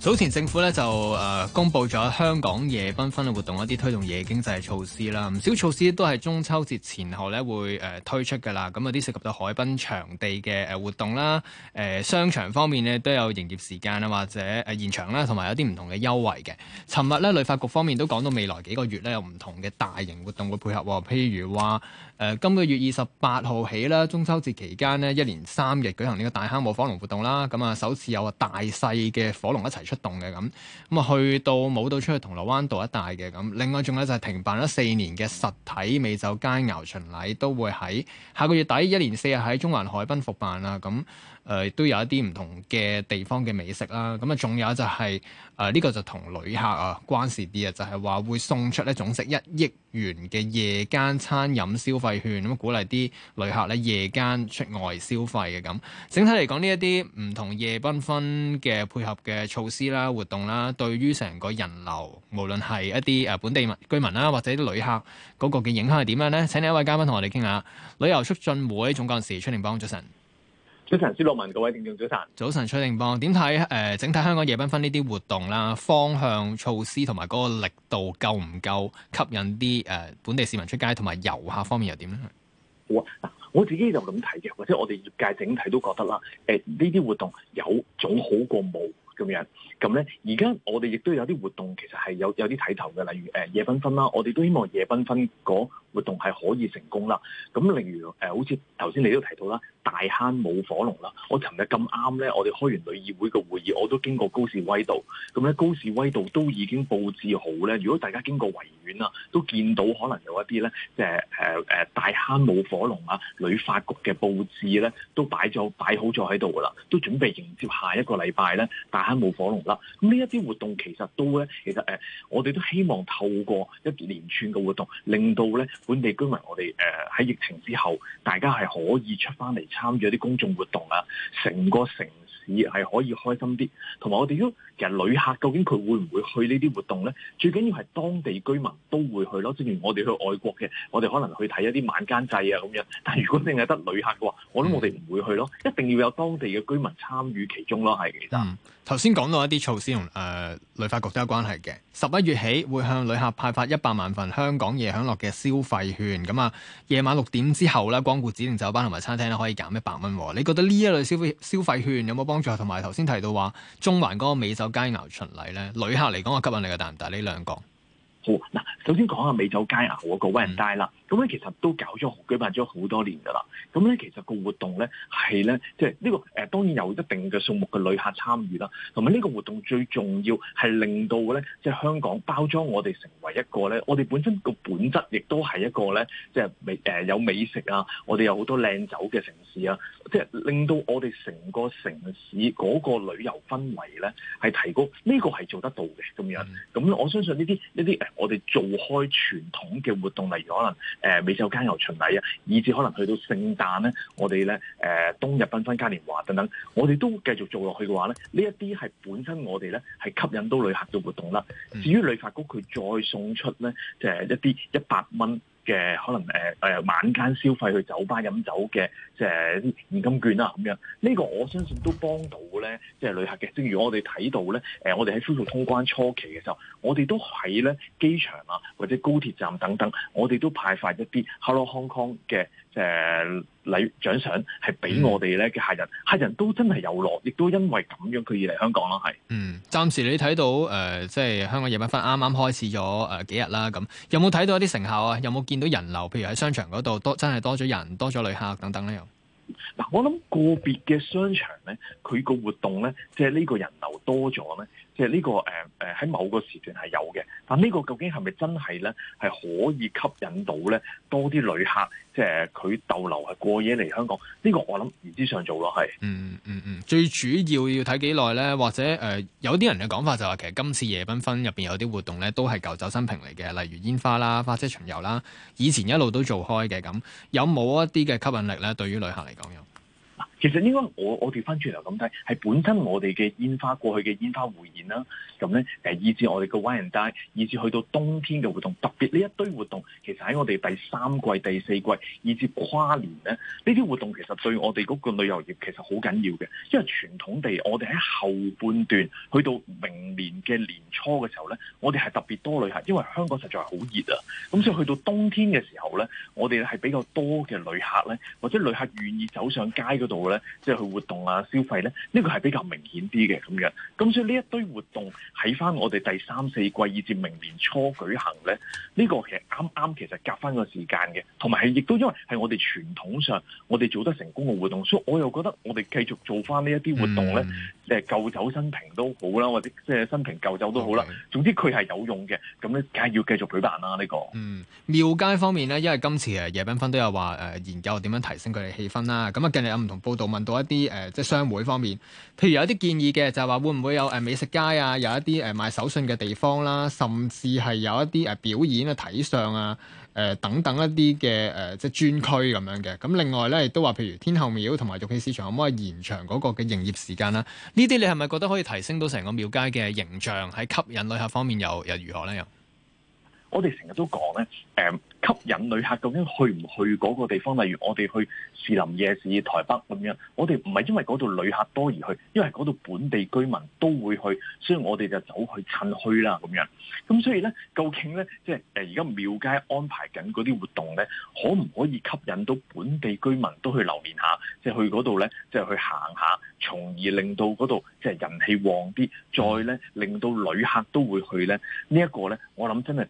早前政府咧就誒、呃、公布咗香港夜奔分夜繽紛嘅活動，一啲推動夜經濟嘅措施啦，唔少措施都係中秋節前後咧會、呃、推出㗎啦。咁有啲涉及到海濱場地嘅活動啦、呃，商場方面呢都有營業時間啊，或者誒、呃、現場啦，同埋有啲唔同嘅優惠嘅。尋日咧旅發局方面都講到未來幾個月咧有唔同嘅大型活動會配合、哦，譬如話。誒、呃、今個月二十八號起啦，中秋節期間呢一連三日舉行呢個大坑舞火龍活動啦。咁、嗯、啊，首次有大細嘅火龍一齊出動嘅咁。咁、嗯、啊、嗯，去到舞到出去銅鑼灣道一帶嘅咁、嗯。另外仲有就係停辦咗四年嘅實體美酒佳肴巡禮，都會喺下個月底一連四日喺中環海濱復辦啦。咁、嗯。誒、呃、都有一啲唔同嘅地方嘅美食啦，咁、就是呃這個、啊，仲有就係誒呢個就同旅客啊關事啲啊，就係、是、話會送出咧總值一億元嘅夜間餐飲消費券，咁鼓勵啲旅客咧夜間出外消費嘅咁。整體嚟講，呢一啲唔同夜繽紛嘅配合嘅措施啦、活動啦，對於成個人流，無論係一啲誒本地居民啦，或者旅客嗰個嘅影響係點樣呢？請另一位嘉賓同我哋傾下。旅遊促進會總幹事崔定邦早晨。早晨，舒樂文，各位聽眾，中早晨。早晨，崔定邦，點睇誒？整體香港夜繽紛呢啲活動啦，方向、措施同埋嗰個力度夠唔夠，吸引啲誒、呃、本地市民出街，同埋遊客方面又點咧？好啊，嗱，我自己就咁睇嘅，或者我哋業界整體都覺得啦。誒、呃，呢啲活動有總好過冇咁樣。咁咧，而家我哋亦都有啲活動，其實係有有啲睇頭嘅，例如誒、呃、夜繽紛啦，我哋都希望夜繽紛嗰活動係可以成功啦。咁、嗯，例如誒、呃，好似頭先你都提到啦。大坑舞火龍啦！我尋日咁啱咧，我哋開完旅議會嘅會議，我都經過高士威道，咁咧高士威道都已經佈置好咧。如果大家經過維園啊，都見到可能有一啲咧，即係誒誒大坑舞火龍啊、旅發局嘅佈置咧，都擺咗擺好咗喺度噶啦，都準備迎接下一個禮拜咧大坑舞火龍啦。咁呢一啲活動其實都咧，其實誒、呃，我哋都希望透過一連串嘅活動，令到咧本地居民，我哋誒喺疫情之後，大家係可以出翻嚟。參與一啲公眾活動啊，成個城。而係可以開心啲，同埋我哋都其實旅客究竟佢會唔會去呢啲活動呢？最緊要係當地居民都會去咯。正如我哋去外國嘅，我哋可能去睇一啲晚間制啊咁樣。但如果淨係得旅客嘅話，我諗我哋唔會去咯。嗯、一定要有當地嘅居民參與其中咯。係，其實頭先講到一啲措施同誒、呃、旅發局都有關係嘅。十一月起會向旅客派發一百萬份香港夜享樂嘅消費券。咁啊，夜晚六點之後呢，光顧指定酒吧同埋餐廳可以減一百蚊。你覺得呢一類消費消費券有冇幫？仲有同埋頭先提到話，中環嗰個美酒佳肴巡禮咧，旅客嚟講個吸引力大唔大？呢兩個？嗱，首先講下美酒佳餚嗰個 Wine & Dine 啦，咁咧其實都搞咗舉辦咗好多年噶啦，咁咧其實個活動咧係咧，即係呢個誒當然有一定嘅數目嘅旅客參與啦，同埋呢個活動最重要係令到咧即係香港包裝我哋成為一個咧，我哋本身個本質亦都係一個咧，即係美誒有美食啊，我哋有好多靚酒嘅城市啊，即係令到我哋成個城市嗰個旅遊氛圍咧係提高，呢個係做得到嘅咁樣，咁我相信呢啲呢啲誒。我哋做開傳統嘅活動，例如可能誒美酒佳餚巡禮啊，以至可能去到聖誕咧，我哋咧誒冬日繽紛嘉年華等等，我哋都繼續做落去嘅話咧，呢一啲係本身我哋咧係吸引到旅客嘅活動啦。嗯、至於旅發局佢再送出咧，就係、是、一啲一百蚊。嘅可能誒誒、呃、晚間消費去酒吧飲酒嘅，即係啲現金券啦咁樣，呢、這個我相信都幫到咧，即係旅客嘅。正如我哋睇到咧，誒、呃、我哋喺恢復通關初期嘅時候，我哋都喺咧機場啊或者高鐵站等等，我哋都派發一啲 Hello Hong Kong 嘅。誒，禮獎賞係俾我哋咧嘅客人，嗯、客人都真係有落，亦都因為咁樣佢而嚟香港咯，係。嗯，暫時你睇到誒、呃，即係香港夜繽紛，啱啱開始咗誒、呃、幾日啦，咁有冇睇到一啲成效啊？有冇見到人流？譬如喺商場嗰度多，真係多咗人，多咗旅客等等咧？又嗱、呃，我諗個別嘅商場咧，佢個活動咧，即係呢個人流多咗咧。即係呢個誒誒喺某個時段係有嘅，但呢個究竟係咪真係咧，係可以吸引到咧多啲旅客？即係佢逗留係過夜嚟香港？呢、這個我諗言之尚早咯，係、嗯。嗯嗯嗯，最主要要睇幾耐咧，或者誒、呃、有啲人嘅講法就話、是，其實今次夜繽紛入邊有啲活動咧，都係舊酒新瓶嚟嘅，例如煙花啦、花車巡遊啦，以前一路都做開嘅，咁有冇一啲嘅吸引力咧？對於旅客嚟講有？其實應該我我哋翻轉頭咁睇，係本身我哋嘅煙花過去嘅煙花匯演啦、啊，咁咧誒，以至我哋嘅 Wine and Dine，以至去到冬天嘅活動，特別呢一堆活動，其實喺我哋第三季、第四季，以至跨年咧，呢啲活動其實對我哋嗰個旅遊業其實好緊要嘅，因為傳統地我哋喺後半段去到明年嘅年初嘅時候咧，我哋係特別多旅客，因為香港實在係好熱啊，咁所以去到冬天嘅時候咧，我哋係比較多嘅旅客咧，或者旅客願意走上街嗰度。即係去活動啊，消費咧，呢個係比較明顯啲嘅咁樣。咁所以呢一堆活動喺翻我哋第三四季以至明年初舉行咧，呢個其實啱啱其實夾翻個時間嘅，同埋係亦都因為係我哋傳統上我哋做得成功嘅活動，所以我又覺得我哋繼續做翻呢一啲活動咧。即係舊酒新瓶都好啦，或者即係新瓶舊酒都好啦。Okay. 總之佢係有用嘅，咁梗係要繼續舉辦啦。呢個嗯，廟街方面呢，因為今次誒夜繽紛都有話誒研究點樣提升佢哋氣氛啦。咁啊，近日有唔同報道問到一啲誒即係商會方面，譬如有啲建議嘅，就係話會唔會有誒美食街啊，有一啲誒賣手信嘅地方啦，甚至係有一啲誒表演啊、睇相啊、誒等等一啲嘅誒即係專區咁樣嘅。咁另外咧亦都話，譬如天后廟同埋玉器市場可唔可以延長嗰個嘅營業時間啦？呢啲你係咪覺得可以提升到成個廟街嘅形象？喺吸引旅客方面又又如何呢？又我哋成日都講咧，吸引旅客究竟去唔去嗰個地方？例如我哋去士林夜市、台北咁樣，我哋唔係因為嗰度旅客多而去，因為嗰度本地居民都會去，所以我哋就走去趁墟啦咁樣。咁所以呢，究竟呢，即係而家廟街安排緊嗰啲活動呢，可唔可以吸引到本地居民都去留連下？即係去嗰度呢，即係去行下？從而令到嗰度即係人氣旺啲，再咧令到旅客都會去咧。呢個、呢、呃、呢一個咧，我諗真係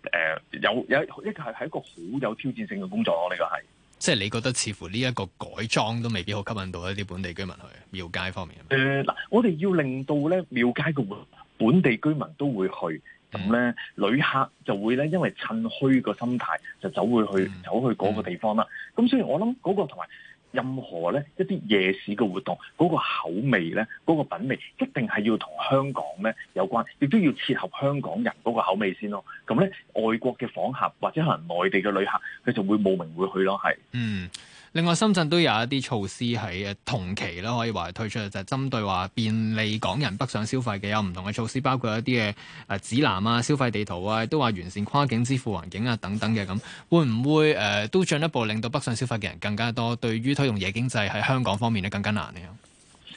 誒有有一個係係一個好有挑戰性嘅工作咯。呢個係即係你覺得似乎呢一個改裝都未必好吸引到一啲本地居民去廟街方面。誒嗱、呃，我哋要令到咧廟街嘅本地居民都會去，咁咧、嗯、旅客就會咧因為趁墟個心態就走會去、嗯、走去嗰個地方啦。咁、嗯、所以我諗嗰個同埋。任何咧一啲夜市嘅活動，嗰個口味咧，嗰個品味一定係要同香港咧有關，亦都要切合香港人嗰個口味先咯。咁咧，外國嘅訪客或者可能內地嘅旅客，佢就會慕名會去咯，係。嗯。另外，深圳都有一啲措施喺同期啦，可以話推出，就係、是、針對話便利港人北上消費嘅有唔同嘅措施，包括一啲嘅誒指南啊、消費地圖啊，也都話完善跨境支付環境啊等等嘅咁，會唔會誒、呃、都進一步令到北上消費嘅人更加多？對於推動夜經濟喺香港方面咧，更加難呢？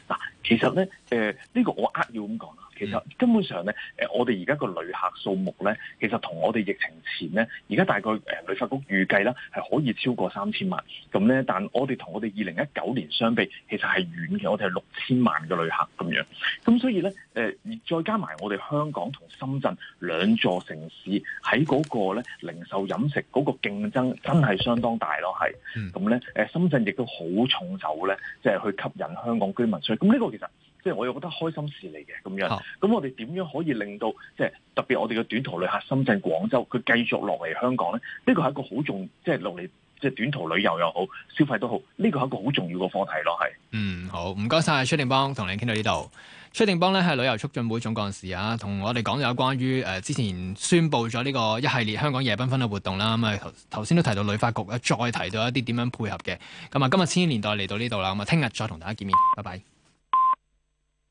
嗱，其實咧誒，呢、呃這個我扼要咁講。嗯、其實根本上咧，誒我哋而家個旅客數目咧，其實同我哋疫情前咧，而家大概誒旅發局預計啦，係可以超過三千萬。咁咧，但我哋同我哋二零一九年相比，其實係遠嘅，我哋係六千萬嘅旅客咁樣。咁所以咧，誒、呃、再加埋我哋香港同深圳兩座城市喺嗰個咧零售飲食嗰個競爭真係相當大咯，係。咁咧、嗯，深圳亦都好重手咧，即、就、係、是、去吸引香港居民。所以咁呢個其實。即係我又覺得開心事嚟嘅咁樣，咁、哦、我哋點樣可以令到即係特別我哋嘅短途旅客深圳、廣州佢繼續落嚟香港咧？呢個係一個好重，即係落嚟，即係短途旅遊又好，消費都好，呢個係一個好重要嘅課題咯。係，嗯，好唔該晒。崔定邦同你傾到呢度。崔定邦咧係旅遊促進會總幹事啊，同我哋講有關於誒、呃、之前宣布咗呢個一系列香港夜繽紛嘅活動啦。咁啊頭先都提到旅發局啊，再提到一啲點樣配合嘅。咁啊，今日千禧年代嚟到呢度啦，咁啊，聽日再同大家見面，拜拜。